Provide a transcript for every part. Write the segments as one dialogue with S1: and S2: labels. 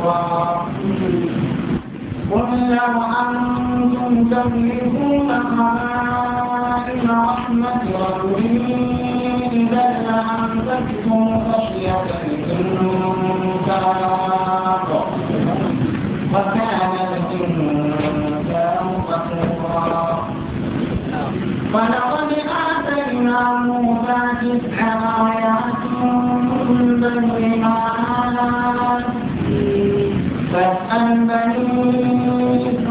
S1: قل لو تملكون خزائن رحمة ربي إذا لأمسكتم خشية الإنفاق وكان الإنسان غفورا ولقد آتينا موسى تسع آيات بينات فاسأل بني إسرائيل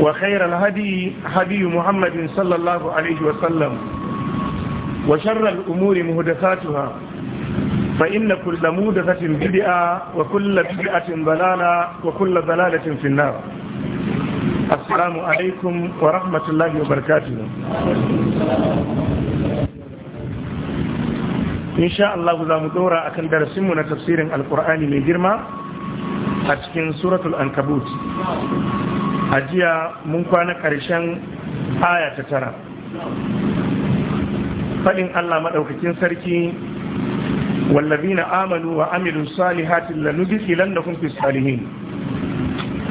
S2: وخير الهدي هدي محمد صلى الله عليه وسلم وشر الأمور مهدفاتها فإن كل مودفة بدئة وكل بدئة ضلالة وكل ضلالة في النار السلام عليكم ورحمة الله وبركاته إن شاء الله ذا مدورة أكن درسمنا تفسير القرآن من جرمى أتكين سورة الأنكبوت a jiya mun kwana ƙarshen aya ta tara faɗin allah maɗaukakin sarki wallazina amanu wa amilu salihati da fis salihin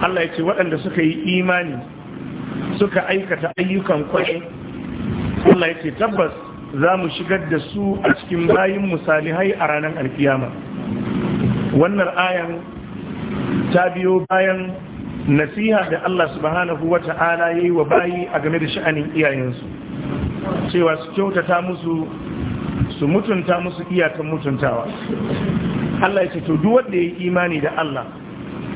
S2: Allah ya ce waɗanda suka yi imani suka aikata ayyukan kwaye Allah ya ce tabbas za mu shigar da su a cikin bayin musalihai a ranar alkiyama wannan ayan ta biyo bayan nasiha da Allah subhanahu wa ta'ala yayi wa bayi a game da sha'anin iyayensu cewa su kyautata musu su mutunta musu iyakan mutuntawa Allah ya ce to duk wanda yi imani da Allah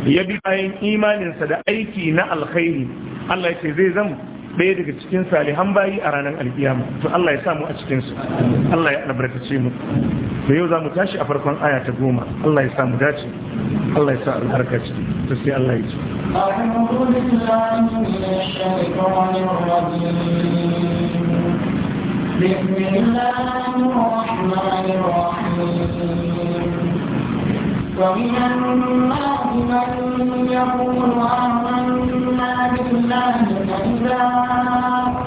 S2: ya bi bayan imaninsa da aiki na alkhairi Allah ya ce zai zama ɗaya daga cikin salihan bayi a ranar alkiyama to Allah ya samu a cikinsu Allah ya albarkace mu da yau za mu tashi a farkon aya ta goma Allah ya samu dace Allah ya sa albarkace to sai Allah ya ci
S1: بسم الله الرحمن الرحيم ومن الناس من يقول آمنا بالله فإذا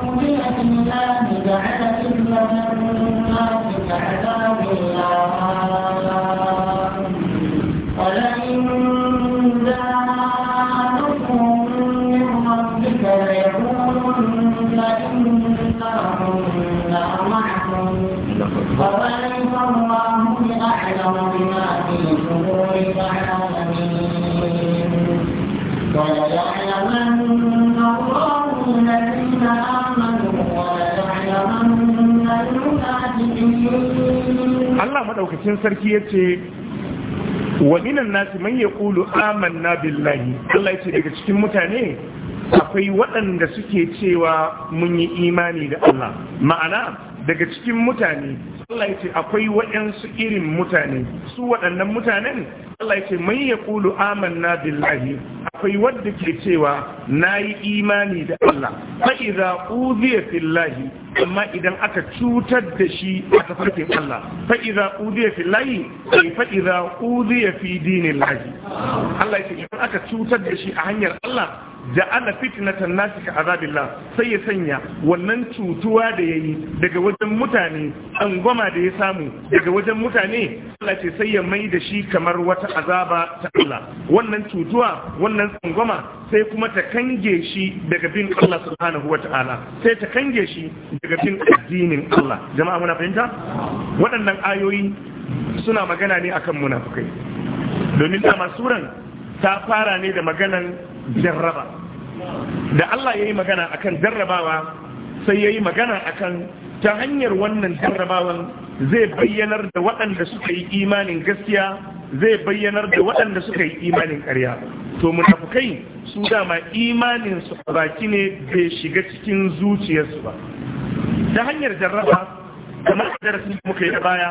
S1: أوذي في الله جعل فتنة الناس كعذاب الله
S2: madaukakin sarki yace wa minan nasi man yaqulu amanna billahi Allah yace daga cikin mutane akwai waɗanda suke cewa mun yi imani da Allah ma'ana daga cikin mutane Allah ya ce akwai waɗansu irin mutane su waɗannan mutanen Allah ya ce mai ya kulu amanna billahi akwai wadda ke cewa na yi imani da Allah fa'iza uziya fillahi amma idan aka cutar da shi a tafarkin Allah fa'iza uziya fillahi sai fa'iza uziya fi dinin lahi Allah ya ce idan aka cutar da shi a hanyar Allah ja'ala fitnatan nasi ka azabillah sai ya sanya wannan cutuwa da yayi daga wajen mutane tsangwama da ya samu daga wajen mutane Allah ce sai ya mai da shi kamar wata azaba ta Allah wannan cutuwa wannan tsangwama sai kuma ta kange shi daga bin Allah subhanahu wata'ala sai ta kange shi daga bin addinin Allah jama'a muna fahimta waɗannan ayoyi suna magana ne akan munafukai domin dama suran ta fara ne da maganan jarraba da Allah ya yi magana a kan jarrabawa sai ya yi magana a kan ta hanyar wannan jarrabawan zai bayyanar da waɗanda suka yi imanin gaskiya zai bayyanar da waɗanda suka yi imanin ƙarya to munafukai su dama imanin su a baki ne bai shiga cikin zuciyarsu ba ta hanyar jarraba kamar darasin da muka yi a baya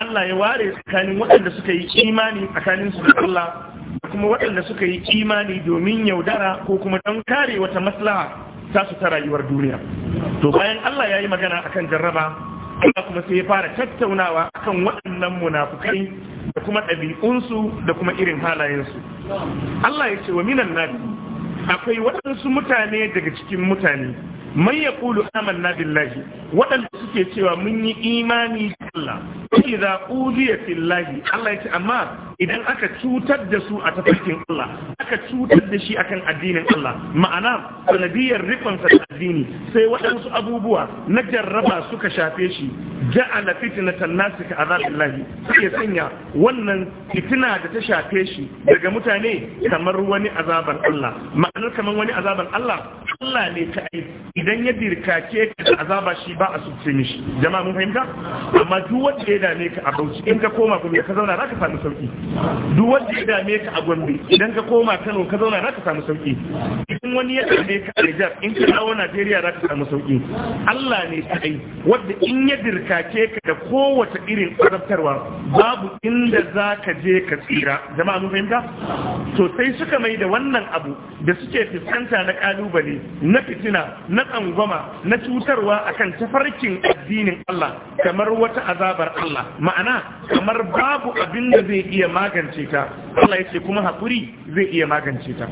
S2: Allah ya ware tsakanin waɗanda suka yi imani tsakanin su da Allah kuma waɗanda suka yi imani domin yaudara ko kuma don kare wata maslaha ta su ta rayuwar duniya to bayan Allah ya yi magana akan jarraba Allah kuma sai ya fara tattaunawa akan waɗannan munafukai da kuma ɗabi'unsu da kuma irin halayensu Allah ya ce wa minan nabi akwai waɗansu mutane daga cikin mutane man ya kulu amanna billahi waɗanda suke cewa mun yi imani da Allah idza uziya fillahi Allah ya ce amma idan aka cutar da su a tafarkin Allah aka cutar da shi akan addinin Allah ma'ana sanadiyar rikonsa da addini sai waɗansu abubuwa na jarraba suka shafe shi ja'ala fitnatan nasi ka azabillahi sai ya sanya wannan fitina da ta shafe shi daga mutane kamar wani azaban Allah ma'anar kamar wani azaban Allah Allah ne ta ai idan ya dirkace ka da azaba shi ba a subce mishi jama'a mun fahimta amma duk wanda ya dame ka a bauchi in ka koma kuma ka zauna zaka faɗi sauki duk wanda ya dame ka a gombe idan ka koma kano ka zauna za ka samu sauki idan wani ya dame ka a nijar in ka dawo najeriya za ka samu sauki allah ne ta yi wadda in ya dirkake ka da kowace irin azabtarwa babu inda za ka je ka tsira jama'a mun fahimta to sai suka mai da wannan abu da suke fuskanta na kalubale na fitina na tsangwama na cutarwa akan tafarkin addinin allah kamar wata azabar allah ma'ana kamar babu abin da zai iya ma magance ta Allah ya kuma hakuri zai iya magance ta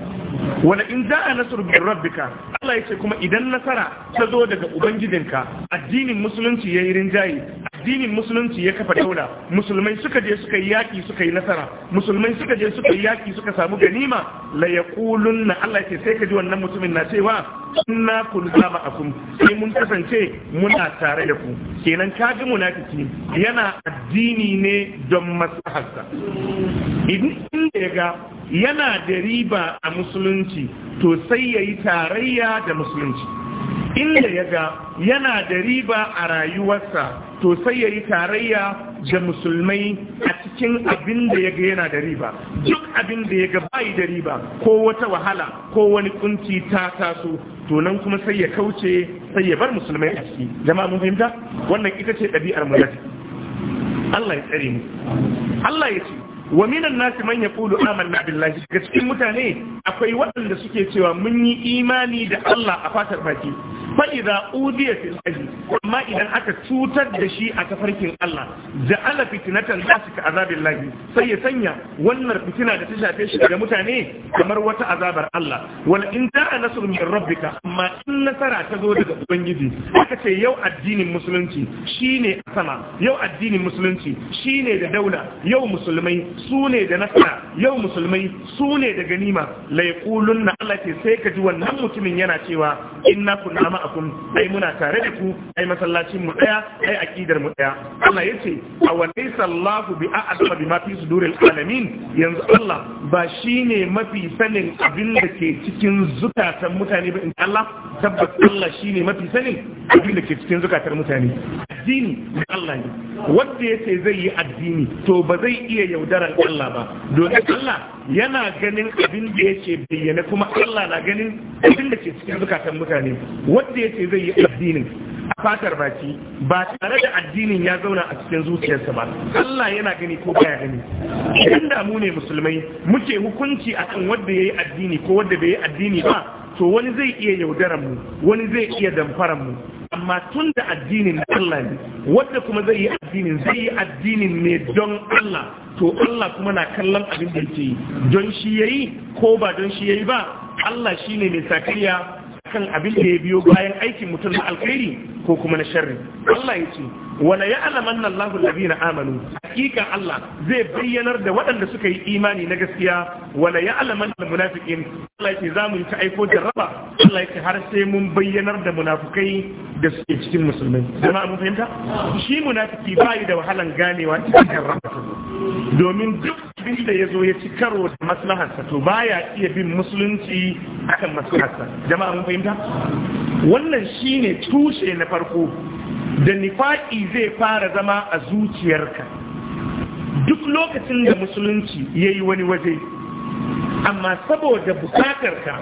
S2: wala in za'a nasru min rabbika Allah yace kuma idan nasara ta zo daga ubangijinka addinin musulunci yayi rinjaye addinin musulunci ya kafa daula musulmai suka je suka yi yaki suka yi nasara musulmai suka je suka yi yaki suka samu ganima la na Allah ya ce sai ka ji wannan mutumin na cewa inna kunna ma'akum sai mun kasance muna tare da ku kenan ka kaji munafiki yana addini ne don maslaharsa idan inda ya ga yana da riba a musulunci to sai ya yi tarayya da musulunci inda ya ga yana da riba a rayuwarsa to sai ya yi tarayya da musulmai a cikin abin da ya ga yana da riba duk abin da ya ga bayi da riba ko wata wahala ko wani kunci ta taso to nan kuma sai ya kauce sai ya bar musulmai a ciki jama'a mun fahimta wannan ita ce ɗabi'ar mu Allah ya tsare mu Allah ya ce wa minan nasi man yaqulu amanna billahi ga cikin mutane akwai waɗanda suke cewa mun yi imani da Allah a fatar baki fa'iza udiya fil aji amma idan aka cutar da shi a tafarkin Allah ja'ala fitnatan nasu ka azabin lahi sai ya sanya wannan fitina da ta shafe shi ga mutane kamar wata azabar Allah wal in ta'a nasr min rabbika amma in nasara ta zo daga ubangiji aka ce yau addinin musulunci shine sama yau addinin musulunci shine da daula yau musulmai su ne da nasara yau musulmai su ne da ganima la Allah ce sai ka ji wannan mutumin yana cewa inna kunna ma'akum ai muna tare da ku ai masallacin mu daya ai aƙidar mu daya Allah yace awalaysa Allahu bi a'lamu bima fi suduril alamin yanzu Allah ba shi ne mafi sanin abin da ke cikin zukatan mutane ba in Allah tabbas Allah shi ne mafi sanin abin da ke cikin zukatan mutane addini na Allah ne wanda ya ce zai yi addini to ba zai iya yaudarar Allah ba domin Allah yana ganin abin da ya ce bayyana kuma Allah na ganin abin da ke cikin zukatan mutane wanda ya ce zai yi addinin fatar baki ba tare da addinin ya zauna a cikin zuciyarsa ba Allah yana gani ko baya gani da mu ne musulmai muke hukunci akan wanda yayi addini ko wanda bai yi addini ba to wani zai iya yaudaran mu wani zai iya damfaran mu amma tun da addinin Allah ne wanda kuma zai yi addinin zai yi addinin ne don Allah to Allah kuma na kallon abin da yake yi don shi yayi ko ba don shi yayi ba Allah shine mai sakariya kan abin da ya biyo bayan aikin mutum na alkhairi ko kuma na sharri Allah ya ce wala ya'lamanna Allahu alladhina amanu hakikan Allah zai bayyanar da waɗanda suka yi imani na gaskiya wala ya'lamanna munafiqin Allah yake zamu yi ta aiko jarraba Allah yake har sai mun bayyanar da munafukai da suke cikin musulmai jama'a mun fahimta shi munafiki yi da wahalan ganewa cikin jarraba domin duk abin da ya zo ya ci karo da maslaharsa to baya iya bin musulunci akan maslaharsa jama'a mun fahimta wannan shine tushe na farko da nifaƙi zai fara zama a zuciyarka duk lokacin da musulunci ya yi wani waje amma saboda bukatarka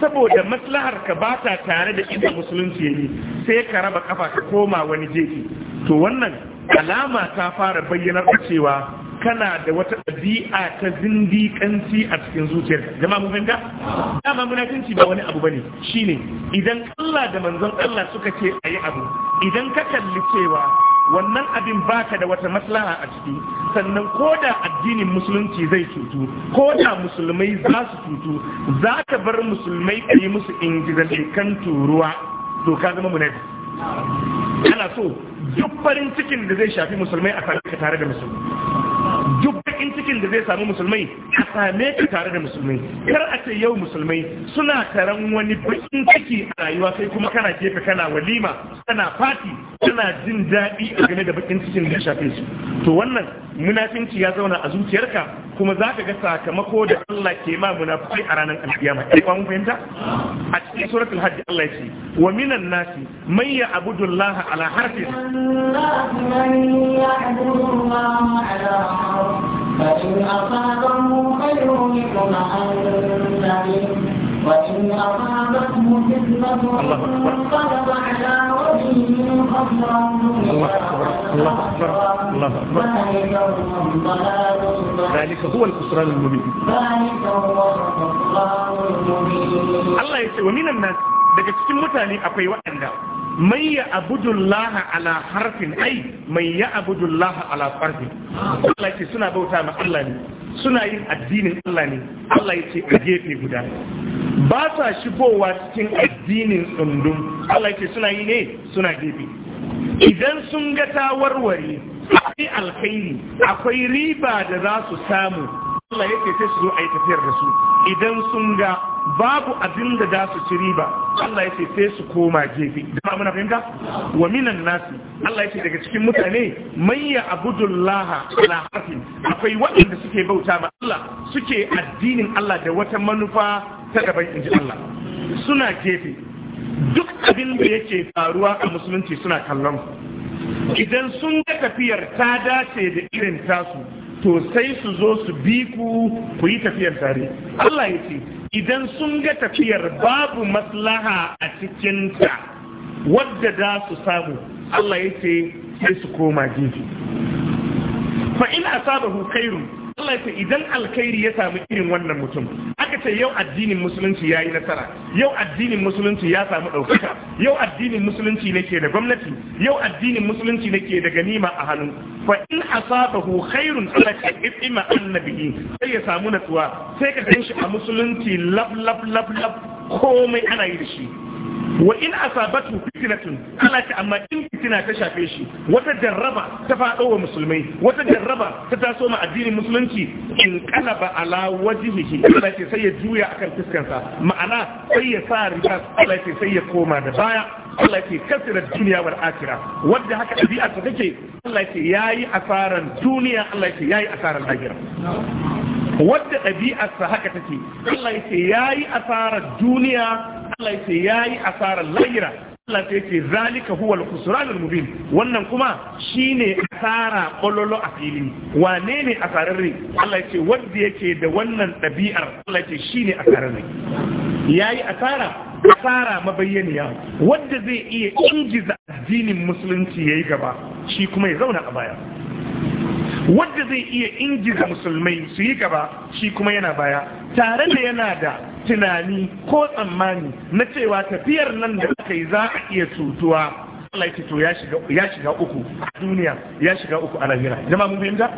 S2: saboda maslaharka ba ta tare da inda musulunci ya yi sai ka raba kafa ka koma wani jefi to wannan alama ta fara bayyanar da cewa kana da wata ɗabi'a ta zindiƙanci a cikin zuciyar jama'a mun fahimta dama munafinci ba wani abu bane shine idan Allah da manzon Allah suka ce ayi abu idan ka kalli cewa wannan abin baka da wata maslaha a ciki sannan koda addinin musulunci zai cutu koda musulmai za su cutu za ka bar musulmai ka yi musu kan turuwa to ka zama munafi ana so duk farin cikin da zai shafi musulmai a tare da musulmai duk bakin cikin da zai samu musulmai a same ka tare da musulmai kar a ce yau musulmai suna taron wani bakin ciki a rayuwa sai kuma kana gefe kana walima kana fati kana jin daɗi a game da bakin cikin da shafe su to wannan munafinci ya zauna a zuciyarka kuma za ka ga sakamako da Allah ke ma munafiki a ranar alkiyama ai mun fahimta a cikin suratul hajj Allah ya ce wa minan nasi man ya'budu Allah ala harfin
S1: فإن أصابه خير اطمأن به وإن أصابته فتنة انقلب على وجهه خسرا
S2: ذلك هو الخسران المبين ذلك هو الخسران المبين الله يسوى من الناس daga cikin mutane akwai waɗanda mai ya abudullaha ala harfin ai mai ya abudullaha ala farfin Allah ce suna bauta ma Allah ne suna yin addinin Allah ne Allah ya ce a gefe guda ba sa shigowa cikin addinin tsundun. Allah ya ce suna yi ne suna gefe idan sun ga ta warware akwai alkhairi akwai riba da za su samu Allah ya ce sai su zo a yi tafiyar da su idan sun ga babu abin da za su ci riba Allah ya ce sai su koma gefe da muna fahimta wa minan nasi Allah ya ce daga cikin mutane mayya abudullah ala hafi, akwai waɗanda suke bauta ma Allah suke addinin Allah da wata manufa ta gaban inji Allah suna gefe duk abin da yake faruwa a musulunci suna kallon idan sun ga tafiyar ta dace da irin tasu to sai su zo su bi ku ku yi tafiyar tare Allah ya ce idan sun ga tafiyar babu maslaha a cikinta wadda za su samu Allah ya ce sai su koma gefe fa ina saba khairu Allah ya ce idan alkhairi ya samu irin wannan mutum aka ce yau addinin musulunci ya yi nasara yau addinin musulunci ya samu ɗaukaka yau addinin musulunci ne ke da gwamnati yau addinin musulunci ne ke da ganima a hannu fa in asabahu khairun ala ta'ima annabihi sai ya samu natsuwa sai ka ganshi a musulunci lab lab lab lab komai ana yi da shi wa in asabatu fitnatun Allah ta amma in fitina ta shafe shi wata jarraba ta faɗo wa musulmai wata jarraba ta taso ma addinin musulunci in qalaba ala wajhihi Allah ce sai ya juya akan fuskarsa ma'ana sai ya sa riga Allah ce sai ya koma da baya Allah ce kasira duniya wal akhirah wanda haka dabi'a ta take Allah ce yayi asaran duniya Allah ce yayi asaran lahira wadda ɗabi'arsa haka take Allah ya ce ya yi asarar duniya Allah ya yi asarar lahira Allah ce ce zalika huwal khusranul mubin wannan kuma shine asara kololo a fili wane ne asararre Allah ce wanda yake da wannan ɗabi'ar Allah ce shine asararre yayi asara asara mabayyaniya wadda zai iya ingiza addinin musulunci ya yi gaba shi kuma ya zauna a baya wadda zai iya ingiza musulmai su yi gaba shi kuma yana baya tare da yana da tunani ko tsammani na cewa tafiyar nan da aka yi za a iya cutuwa Allah ya to ya shiga uku a duniya ya shiga uku a lahira jama'a mun fahimta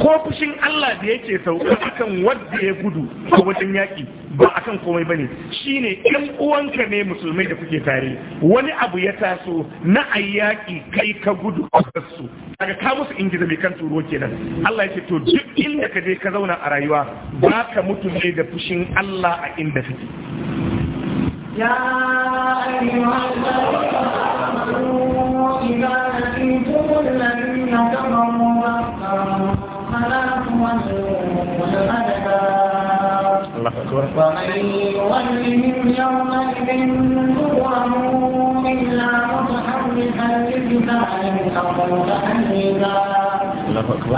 S2: ko fushin Allah da yake sauka akan wanda ya gudu ko wajen yaƙi ba akan komai bane shine ɗan uwanka ne musulmai da kuke tare wani abu ya taso na ayyaki kai ka gudu a su daga ka musu ingiza mai kan turo kenan Allah ya ce to duk inda ka je ka zauna a rayuwa ba ka mutu ne da fushin Allah a inda kake
S1: ya ayyuhal الله أكبر ومن أكبر يومئذ دبره إلا متحرفا لقتال أو متحيزا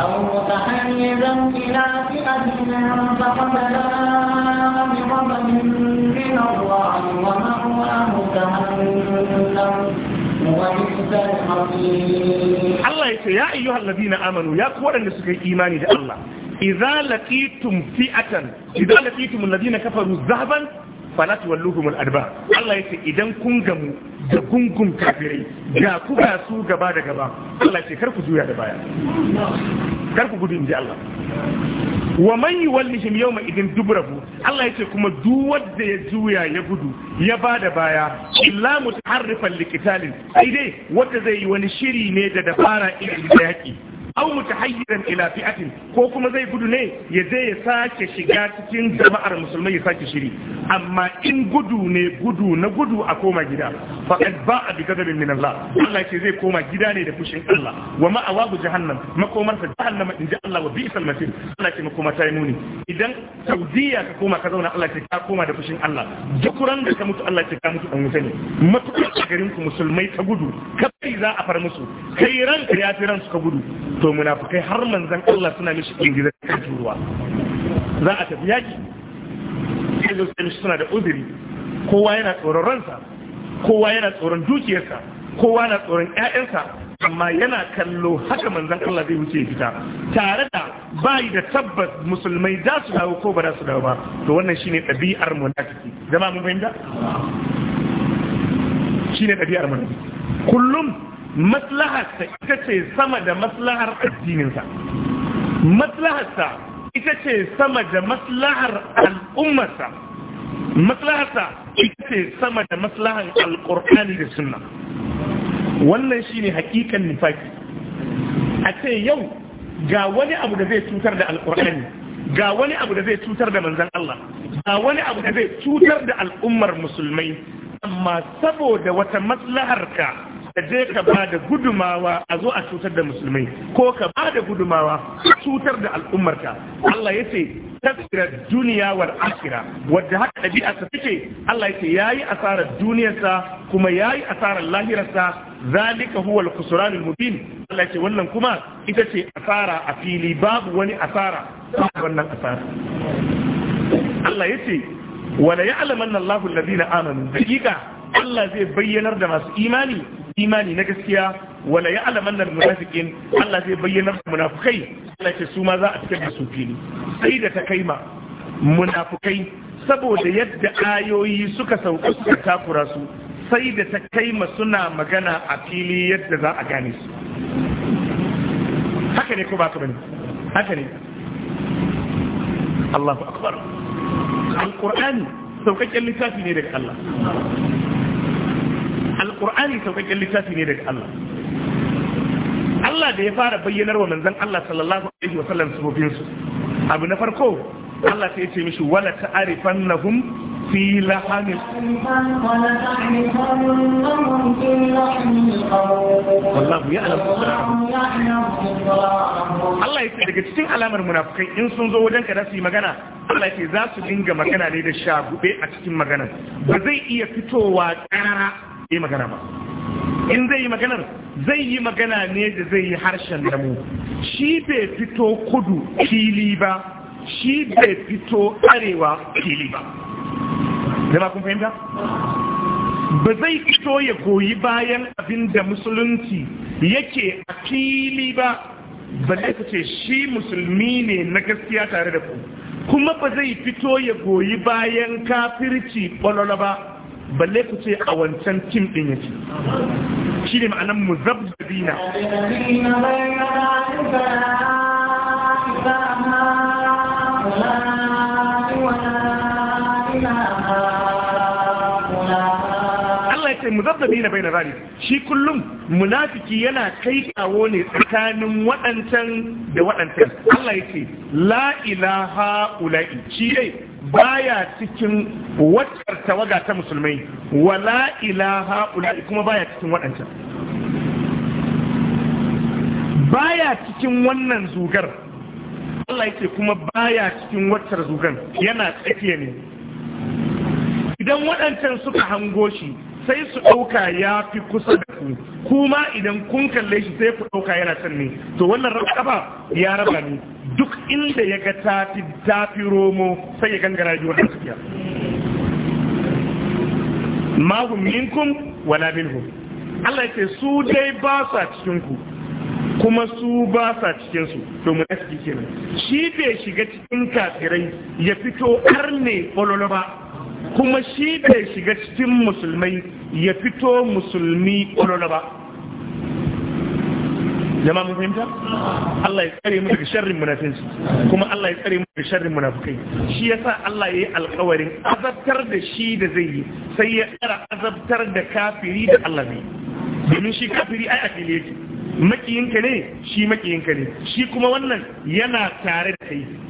S1: أو متحيزا إلى فئة من الله ومأواه جهنم
S2: Allah ya ce, “Ya ayyuhal ladina amanu, ya idza laqitum fi'atan idza laqitum alladhina kafaru zahaban fala tuwalluhum al-adbar Allah yace idan kun gamu da gungun kafirai ga ku ga su gaba da gaba Allah yace kar ku juya da baya kar ku gudu inji Allah wa man yuwallihim yawma idin dubrahu Allah yace kuma duk wanda ya juya ya gudu ya da baya illa mutaharrifan liqitalin sai dai wanda zai yi wani shiri ne da dabara irin aw mutahayyiran ila fi'atin ko kuma zai gudu ne ya je ya sake shiga cikin jama'ar musulmai ya sake shiri amma in gudu ne gudu na gudu a koma gida faqad ba'a bi kadabin min Allah Allah ce zai koma gida ne da fushin Allah wa ma'awabu jahannam makomar sa jahannama inji Allah wa bi'sal masir Allah ce makoma ta muni idan saudiya ka koma ka zauna Allah ce ka koma da fushin Allah duk ran da ka mutu Allah ce ka mutu dan wuta ne matukar garin ku musulmai ta gudu kai za a far musu kai ran ya fi ran su ka gudu to to munafukai har manzan Allah suna mishi ingizar kan turuwa za a tafi yaƙi sai zo sai mishi suna da uziri. kowa yana tsoron ransa kowa yana tsoron dukiyarsa kowa na tsoron ƴaƴansa amma yana kallo haka manzan Allah zai wuce fita tare da bayi da tabbas musulmai za su dawo ko ba za su dawo ba to wannan shine ɗabi'ar munafiki zama mun fahimta shine ɗabi'ar munafiki kullum maslaharsa ita ce sama da maslahar addininsa maslaharsa ita ce sama da maslahar al'ummarsa maslaharsa ita ce sama da maslahar alƙur'ani da sunna wannan shi ne hakikan nufaki. a ce yau ga wani abu da zai cutar da alƙur'ani ga wani abu da zai cutar da manzan Allah ga wani abu da zai cutar da al'ummar musulmai amma saboda wata maslaharka ka je ka ba da gudumawa a zo a cutar da musulmai ko ka ba da gudumawa cutar da al'ummarka Allah ya ce tasirar duniya war akira wadda haka ɗabi'a ta fice Allah ya ce ya yi asarar duniyarsa kuma ya yi asarar lahirarsa zalika huwa al-khusran al-mubin Allah ya ce wannan kuma ita ce asara a fili babu wani asara wannan asara Allah ya ce wala ya'lamanna Allahu alladhina amanu hakika Allah zai bayyanar da masu imani imani na gaskiya wala ya alaman nan munafikin Allah zai bayyana munafukai Allah ce su ma za a fitar da su fili sai da ta kaima munafukai saboda yadda ayoyi suka sauka suka takura su sai da ta kaima suna magana a fili yadda za a gane su haka ne ko ba ka bane haka ne Allahu akbar alqur'ani saukakken littafi ne daga Allah alƙurani sauƙaƙƙen littafi ne daga Allah Allah da ya fara bayyanar wa manzon Allah sallallahu alaihi wa su abu na farko Allah sai ya ce mishi wala ta'rifannahum في لحن والله يعلم Allah ya ce daga cikin alamar munafukan in sun zo wajen ka su yi magana Allah ya ce za su dinga magana ne da shagube a cikin magana ba zai iya fitowa ƙarara yi magana ba in zai yi maganar zai yi magana ne da zai yi harshen damu shi bai fito kudu fili ba shi bai fito arewa fili ba jama kun fahimta ba zai fito ya goyi bayan abin da musulunci yake a fili ba ba zai ce shi musulmi ne na gaskiya tare da ku kuma ba zai fito ya goyi bayan kafirci ƙwalwala ba balle ku ce a wancan tim ya ce shi ne ma'anan muzabzabina Allah ya ce mu zabbabi na bai na zalimi shi kullum munafiki yana kai kawo ne tsakanin waɗancan da waɗancan Allah ya ce la ilaha ula'i shi dai baya cikin waccar tawaga ta musulmai wa la ilaha ula'i kuma baya cikin waɗancan baya cikin wannan zugar Allah ya ce kuma baya cikin waccar zugan yana tsakiya ne idan waɗancan suka hango shi sai su ɗauka ya fi kusa da ku kuma idan kun kalle shi sai ku ɗauka yana can ne to wannan raba ya raba ne duk inda ya ga tafi tafi romo sai ya gangara ji wannan tafiya mahum minkum wala minhum Allah ya ce su dai ba sa cikin ku kuma su ba sa cikin su domin aski kenan shi bai shiga cikin kafirai ya fito har ne bololo ba kuma shi bai shiga cikin musulmai ya fito musulmi ƙwararra ba jama'a mun fahimta Allah ya tsare mu sharrin munafinsu kuma Allah ya tsare mu sharrin munafukai shi ya sa Allah ya yi alƙawarin azabtar da shi da zai yi sai ya tsara azabtar da kafiri da Allah zai domin shi kafiri ai a fili yake makiyinka ne shi makiyinka ne shi kuma wannan yana tare da kai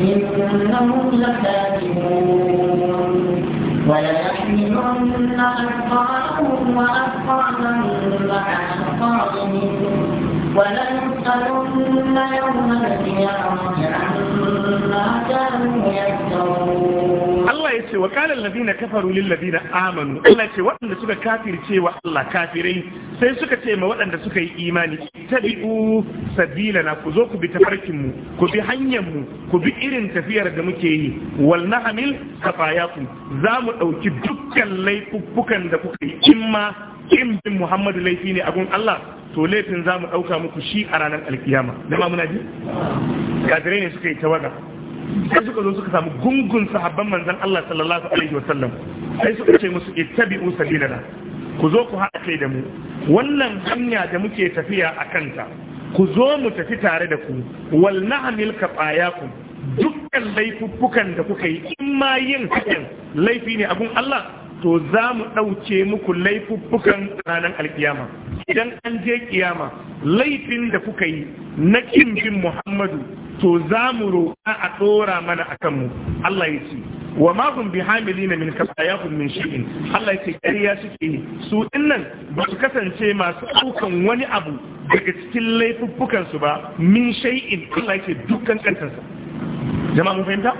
S1: إنهم لكاذبون وليحملن أثقالهم وأثقالا مع أثقالهم ولنسألن يوم القيامة عما كانوا
S2: Allah ya ce wa kalar ladina kafaru lil ladina amanu Allah ya ce waɗanda suka kafirce wa Allah kafirai sai suka ce ma waɗanda suka yi imani tabi'u na ku zo ku bi tafarkin mu ku bi hanyar mu ku bi irin tafiyar da muke yi wal nahmil kafayakum za mu ɗauki dukkan laifuffukan da kuka yi imma in bin Muhammadu laifi ne a gun Allah to laifin za mu ɗauka muku shi a ranar alkiyama dama muna ji Kadirai ne suka yi tawaga sai suka zo suka samu gungun sahabban manzon Allah sallallahu alaihi wa Sallam. sai suka ce musu ittabi'u sabilana ku zo ku haɗa kai da mu wannan hanya da muke tafiya a kanta ku zo mu tafi tare da ku wal na'mil kafayakum dukkan laifuffukan da kuka yi in ma yin hakan laifi ne abun Allah to za mu ɗauke muku laifuffukan ranar alkiyama idan an je kiyama laifin da kuka yi na ƙin bin muhammadu to za mu roƙa a ɗora mana a kanmu allah ya ce wa ma hamili na min kasayahum min shay'in allah ya ce ƙarya suke ne su dinnan ba su kasance masu ɗaukan wani abu daga cikin laifuffukansu ba min shay'in allah ya ce dukkan kantansa jama'a mun fahimta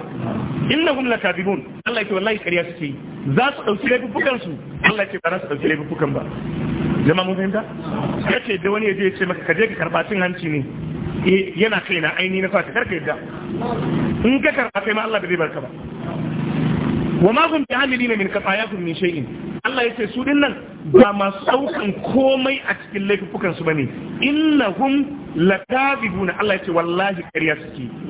S2: innahum lakadibun Allah yake wallahi kariya suke yi za su dauki laifukan su Allah yake ba za su dauki laifukan ba jama'a mun fahimta yace da wani yaje ya ce maka kaje ka karba cin hanci ne eh, yana kai na aini na fata karka yadda in ka karba kai ma Allah bai barka ba wa ma hum bihamilina min kafayakum min shay'in Allah yace su din nan ba masu saukan komai a cikin laifukan su bane innahum lakadibun Allah yace wallahi kariya suke yi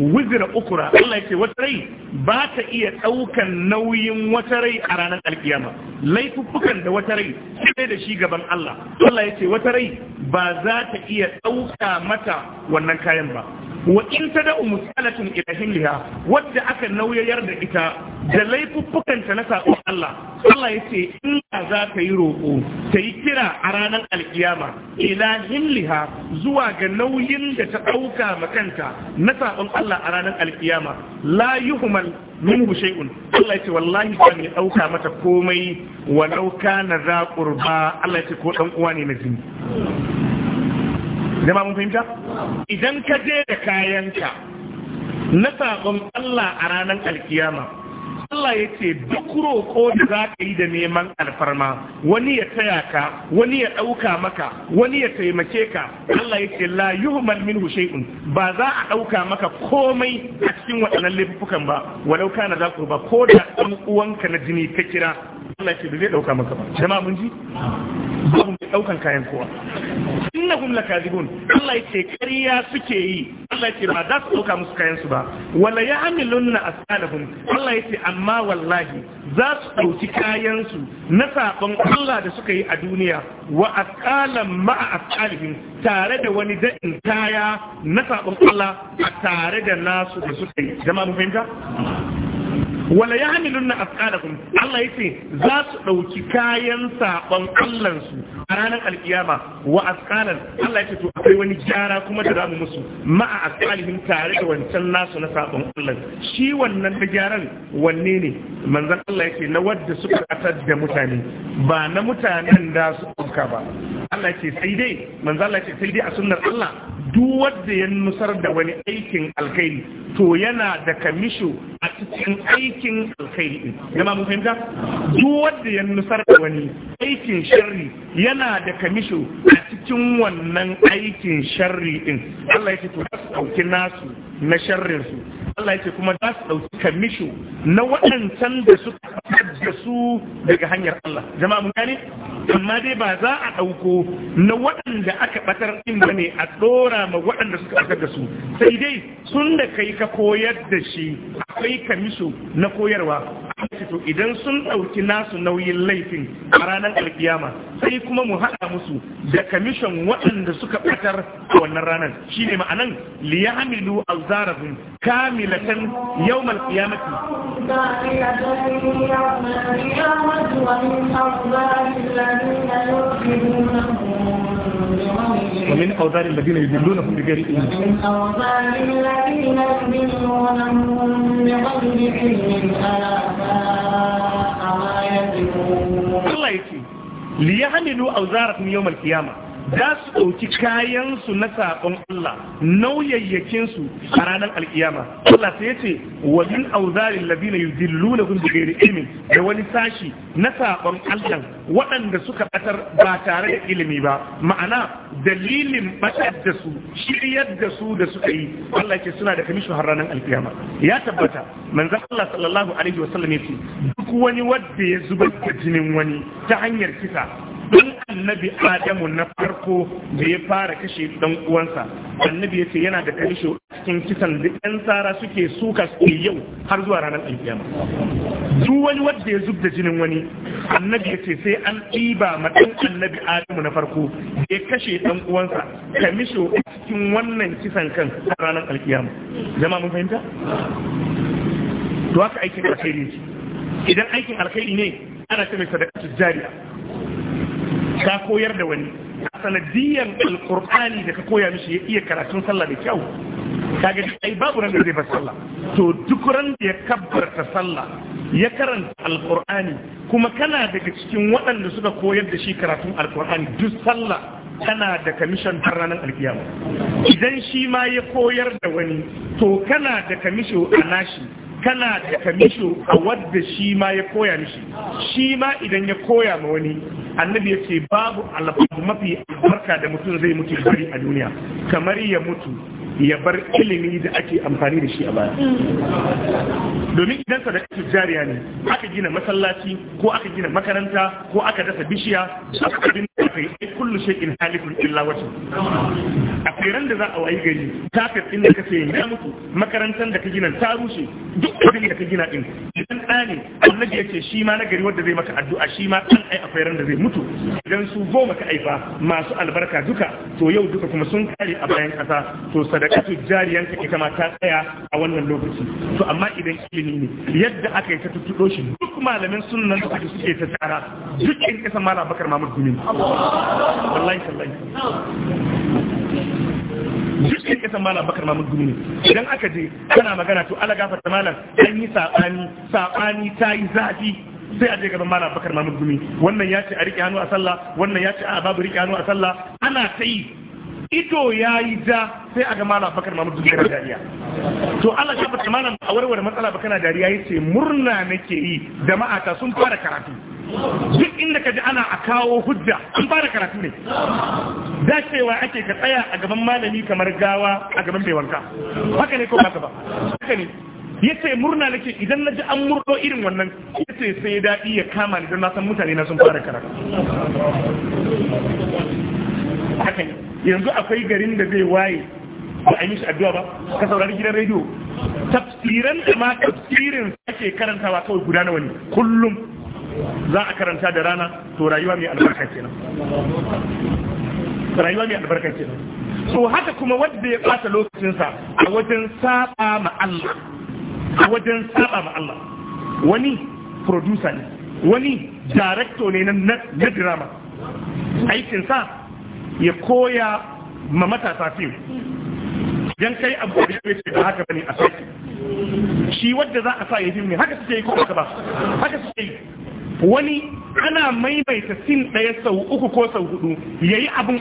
S2: wizira ukura Allah yake wata rai ba ta iya ɗaukan nauyin wata rai a ranar alkiyama Laifufukan da wata rai sai da shi gaban Allah Allah yake wata rai ba za ta iya ɗauka mata wannan kayan ba wa in ta da'u musalatun ilahiliya wadda aka nauyayar da ita da laifuffukanta na saƙon Allah Allah ya ce in za ka yi roƙo ta yi kira a ranar alkiyama liha zuwa ga nauyin da ta ɗauka makanta na saƙon Allah a ranar alkiyama la yuhmal minhu shay'un Allah ya ce wallahi ba mai ɗauka mata komai walau kana za qurba Allah ya ce ko ɗan uwa ne na jini Zama mun fahimta idan ka je da kayanka na saƙon Allah a ranar alkiyama Allah ya ce duk roƙo da za ka yi da neman alfarma wani ya taya ka wani ya ɗauka maka wani ya taimake ka Allah ya ce la yuhmal minhu shay'un ba za a ɗauka maka komai a cikin waɗannan laifukan ba walau kana za ku ba ko da ɗan uwanka na jini ka kira Allah ya ce ba zai ɗauka maka ba jama'a mun ji ba mu ɗaukan kayan kowa innahum lakazibun Allah yace ƙarya suke yi Allah yace ba za su dauka musu kayan su ba wala ya'milunna asqalahum Allah yace amma wallahi za su dauki kayan su na sabon Allah da suka yi a duniya wa asqalan ma'a asqalihim tare da wani da'in kaya na sabon Allah tare da nasu da suka yi jama'a mun fahimta wala ya hamilun na asƙalakun Allah ya ce za su ɗauki kayan saɓon su. a ranar alkiyama wa asqalan Allah ya ce to akwai wani gyara kuma da zamu musu ma'a asqalihim tare da wancan nasu na sabon Allah shi wannan da gyaran wanne ne manzon Allah ce na wadda suka atar da mutane ba na mutanen da su ba Allah ce sai dai manzon Allah ce sai dai a sunnar Allah duk wanda ya nusar da wani aikin alkhairi to yana da kamisho a cikin aikin alkhairi din jama mun fahimta duk wanda ya nusar da wani aikin sharri yana da kamisho a cikin wannan aikin sharri din Allah ya ce to su dauki nasu na sharrin su Allah ya ce kuma za su ɗauki kamisho na waɗancan da suka da su daga hanyar Allah jama'a mun gane amma dai ba za a ɗauko na waɗanda aka ɓatar ɗin ba ne a ɗora ma waɗanda suka ɓatar da su sai dai sun da kai ka koyar da shi akwai kamisho na koyarwa to idan sun ɗauki nasu nauyin laifin a ranar alkiyama sai kuma mu haɗa musu da kamishon waɗanda suka ɓatar a wannan ranar Shi shine ma'anan liyamilu alzarafin kamil قائلة يوم القيامة ومن أوزار الذين يدلونهم بغير علم ومن
S1: أوزار الذين يدلونهم بغير
S2: علم ألا
S1: ساء الله يكفي
S2: ليحملوا أوزارهم يوم القيامة za su ɗauki kayansu na saƙon Allah nauyayyakinsu a ranar alkiyama Allah sai ce wa min auzarin labina yudilluna kun bi da wani sashi na saƙon Allah waɗanda suka ɓatar ba tare da ilimi ba ma'ana dalilin ɓatar da su shiryar da su da suka yi Allah ke suna da kamishin har ranar alkiyama ya tabbata manzon Allah sallallahu alaihi sallam ya ce duk wani wanda ya zubar da jinin wani ta hanyar kisa annabi adamu na farko da ya fara kashe dan uwansa annabi yace yana da karshe cikin kisan da ɗan tsara suke suka su yau har zuwa ranar alƙiyama duk wani wanda ya zubda jinin wani annabi yace sai an ɗiba ma dan annabi adamu na farko da ya kashe dan uwansa kamisho cikin wannan kisan kan ranar alƙiyama jama'a mun fahimta to haka aikin alkhairi idan aikin alkhairi ne ana ce mai sadaka tijariya ka koyar da wani a sanadiyan alkur'ani da ka koya mishi ya iya karatun sallah da kyau kaga ai babu nan da zai bar sallah to duk ran da ya kabbarta sallah ya karanta alkur'ani kuma kana daga cikin waɗanda suka koyar da shi karatun alkur'ani duk sallah kana da kamishin har ranar alkiyama idan shi ma ya koyar da wani to kana da kamisho a nashi kana da kamisho a wadda shi ma ya koya mishi shi ma idan ya koya ma wani annabi ya ce babu albarka mafi albarka da mutum zai mutu bari a duniya kamar ya mutu ya bar ilimi da ake amfani da shi a baya domin idan sadaka jariya ne aka gina masallaci ko aka gina makaranta ko aka dasa bishiya aka kudin da kai kullu in halikun illa wata. a tseren da za a wayi gari kafir din da kace ya mutu makarantar da ka gina ta rushe duk kudin da ka gina din idan ɗa ne annabi yace shi ma na gari wanda zai maka addu'a shi ma ɗan ai akwai ran da zai mutu idan su goma ka aifa masu albarka duka to yau duka kuma sun kare a bayan ƙasa to sadaka sadakatu jariyanka ita ma ta tsaya a wannan lokaci to amma idan ilimi ne yadda aka yi ta tuttuɗo shi duk malamin sunan da aka suke ta tsara duk in kasa mala bakar mamud gumi wallahi sallai. duk in kasa mala bakar mamud gumi idan aka je kana magana to ala gafarta malam an yi saɓani saɓani ta yi zafi sai a je gaban malam bakar mamud gumi wannan ya ce a riƙe hannu a sallah wannan ya ce a babu riƙe hannu a sallah ana ta yi ido ya yi ja sai a ga malam bakar mamu duk da dariya to Allah ya fata malam a warware matsala ba kana dariya ce murna nake yi jama'a ta sun fara karatu duk inda ka ji ana a kawo hujja an fara karatu ne dacewa ake ka tsaya a gaban malami kamar gawa a gaban mai wanka haka ne ko ba ba haka ne ya ce murna nake idan na ji an murdo irin wannan ya ce sai daɗi ya kama ni don na san mutane na sun fara karatu haka ne yanzu akwai garin da zai waye ba a yi mishi addu'a ba ka saurari gidan rediyo tafsiran da ma tafsirin ake karantawa kawai guda na wani kullum za a karanta da rana to rayuwa mai albarka kenan rayuwa mai albarka kenan so haka kuma wanda ya bata lokacinsa a wajen saba ma Allah a wajen saba ma Allah wani producer ne wani director ne na drama aikinsa ya koya ma matasa fim yan kai abu da ya ce ba haka bane a sai shi wadda za a sa ya fim ne haka suke yi ko haka ba haka suke yi wani ana maimaita sin ɗaya sau uku ko sau hudu ya yi abin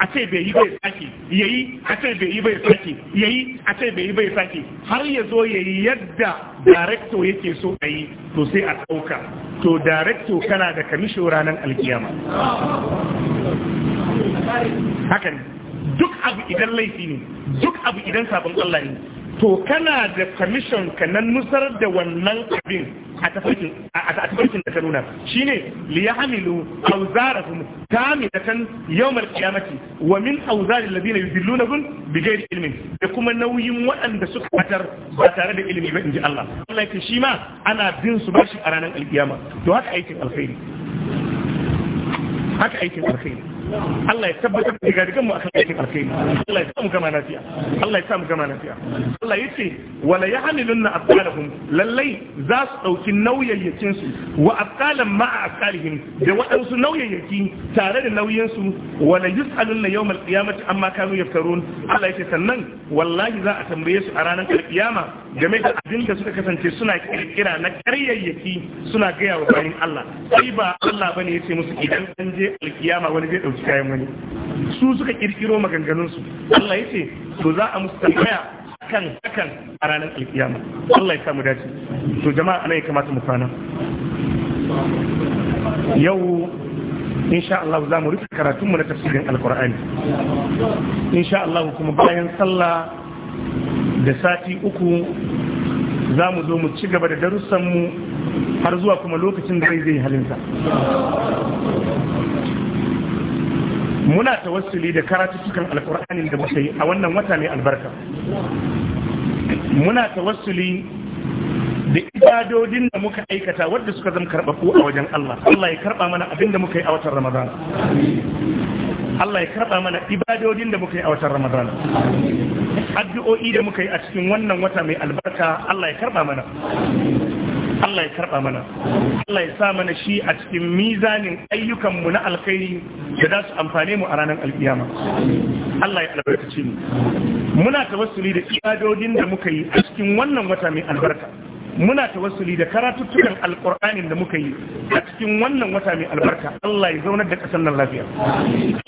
S2: a ce bai yi bai sake yayi a ce bai yi bai sake ya yi a ce bai yi bai sake har ya zo ya yi yadda darekto yake so a yi to sai a ɗauka to darekto kana da kamishin ranar alkiyama haka ne duk abu idan laifi ne duk abu idan sabon Allah ne to kana da permission ka nan nusar da wannan abin a tafarkin da ka nuna shine li yahmilu awzarahum kamilatan yawm al-qiyamati wa min awzar alladhina yudillunahum bighairi ilmin da kuma nauyin waɗanda suka batar ba tare da ilimi ba inji Allah Allah yake shi ma ana bin su bashi a ranar alkiyama to haka aikin alkhairi haka aikin alkhairi Allah ya tabbatar da garigan mu akan aikin alkhairi Allah ya mu gama lafiya Allah ya mu gama lafiya Allah yace wala yahmilunna asqalahum lallai za su dauki nauyayyacin su wa asqalan ma asqalihim da wadansu nauyayyaki tare da nauyin su wala yusalunna yawmal qiyamati amma kanu yaftarun Allah yace sannan wallahi za a tambaye su a ranar kiyama game da abin da suka kasance suna kirkira na karyayyaki suna gaya wa bayin Allah sai ba Allah bane yace musu idan an je alkiyama wani zai dauki kayan wani su suka kirkiro maganganunsu Allah ya ce to za a musu tambaya kan hakan a ranar alkiyama Allah ya samu dace to jama'a anan ya kamata mu kwana yau insha Allah za mu rufe karatunmu na tafsirin alkur'ani insha Allah kuma bayan sallah da sati uku za mu zo mu ci gaba da darussanmu har zuwa kuma lokacin da zai yi halinsa muna tawassuli da cikin alkur'anin da muka yi a wannan wata mai albarka muna tawassuli da ibadodin da muka aikata wadda suka zama karɓaɓɓu a wajen Allah Allah ya karɓa mana abin da muka yi a watan Ramadan Allah ya karɓa mana ibadodin da muka yi a watan Ramadan addu'o'i da muka yi a cikin wannan wata mai albarka Allah ya karɓa mana Allah ya karɓa mana Allah ya sa mana shi a cikin mizanin ayyukanmu na alkhairi da za su amfane mu a ranar alkiyama Allah ya albarkace mu muna tawassuli da ibadodin da muka yi a cikin wannan wata mai albarka muna tawassuli da karatuttukan alƙur'anin da muka yi a cikin wannan wata mai albarka Allah ya zaunar da ƙasar nan lafiya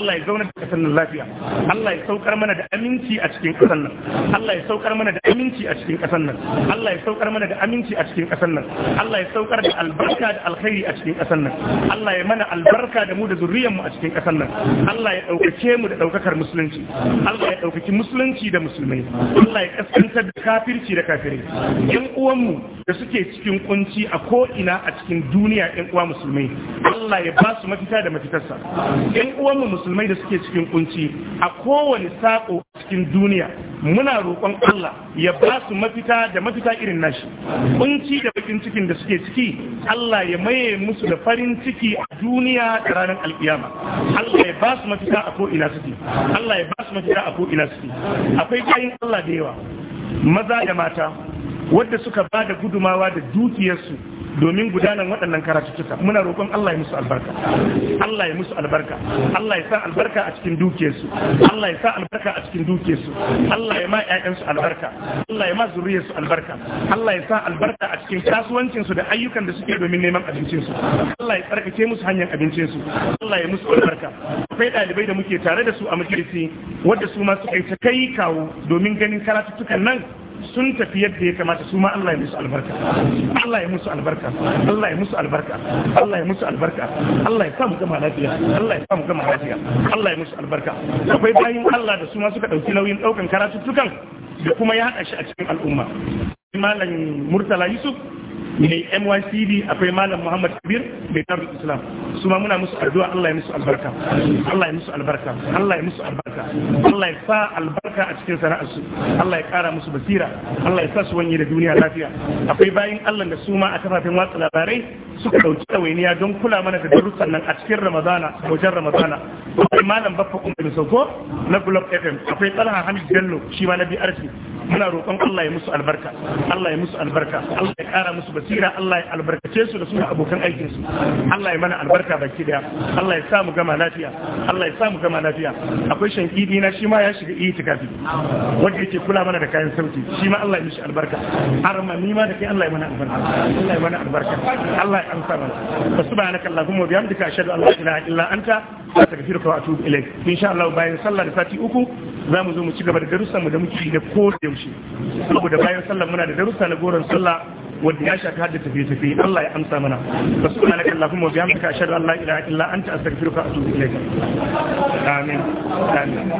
S2: Allah ya zaunar da ƙasar nan lafiya Allah ya saukar mana da aminci a cikin ƙasar nan Allah ya saukar mana da aminci a cikin ƙasar nan Allah ya saukar mana da aminci a cikin ƙasar nan Allah ya saukar da albarka da alkhairi a cikin ƙasar nan Allah ya mana albarka da mu da zuriyar mu a cikin ƙasar nan Allah ya ɗaukace mu da ɗaukakar musulunci Allah ya ɗaukaki musulunci da musulmai Allah ya kaskantar da kafirci da kafirai yan uwanmu da suke cikin kunci a ko'ina a cikin duniya ‘yan uwa musulmai Allah ya ba su mafita da mafitarsa ‘yan uwanmu musulmai da suke cikin kunci a kowane saƙo cikin duniya muna roƙon Allah ya ba su mafita da mafita irin nashi kunci da bakin cikin da suke ciki Allah ya maye musu da farin ciki a duniya da ranar alƙiyama Allah ya ba su mafita a ko'ina suke Allah ya ba su mafita a ko'ina suke akwai bayin Allah da yawa maza da mata wadda suka ba da gudumawa da dukiyarsu domin gudanar waɗannan karatuttuka muna roƙon Allah ya musu albarka Allah ya musu albarka Allah ya sa albarka a cikin dukiyarsu Allah ya sa albarka a cikin dukiyarsu Allah ya ma ƴaƴansu albarka Allah ya ma zuriyarsu albarka Allah ya sa albarka a cikin kasuwancinsu da ayyukan da suke domin neman abincinsu Allah ya tsarkake musu hanyar abincinsu Allah ya musu albarka akwai ɗalibai da muke tare da su a majalisi wadda su ma suka yi ta kai kawo domin ganin karatuttukan nan sun tafi yadda ya kamata su ma Allah ya musu albarka Allah ya musu albarka Allah ya musu albarka Allah ya musu albarka Allah ya samu gama lafiya Allah ya samu gama lafiya Allah ya musu albarka akwai bayin Allah da su ma suka dauki nauyin daukan tukan da kuma ya hada shi a cikin al'umma malam Murtala Yusuf mai MYCD akwai malam Muhammad Kabir mai tarbi Islam su ma muna musu addu'a Allah ya musu albarka Allah ya musu albarka Allah ya musu albarka Allah ya sa albarka a cikin sana'ar Allah ya kara musu basira Allah ya sa su wanye da duniya lafiya akwai bayin Allah da su ma a kafafen watsa labarai suka dauki ɗawainiya don kula mana da darussan nan a cikin Ramadana wajen Ramadana akwai malam Baffa Umar sauko na glob FM akwai Talha Hamid Bello shi ma na BRC muna roƙon Allah ya musu albarka Allah ya musu albarka Allah ya ƙara musu basira Allah ya albarkace su da suna abokan aikin su Allah ya mana albarka baki daya Allah ya sa mu gama lafiya Allah ya sa mu gama lafiya akwai shan shankidi na shi ma ya shiga iya itikafi wanda yake kula mana da kayan sauti shi ma Allah ya mishi albarka arma ni ma da kai Allah ya mana albarka Allah ya mana albarka Allah ya amsa mana subhanaka allahumma bihamdika ashhadu an la ilaha illa anta astaghfiruka wa Allah bayan sallah da sati uku za mu zo mu ci gaba da darussan mu da muke da ko da yaushe saboda bayan sallah muna da darussa na goron sallah wanda ya shafi hadda tafiye tafiye Allah ya amsa mana subhanaka allahumma wa bihamdika ashhadu an la ilaha illa anta astaghfiruka wa atubu ilaik amin amin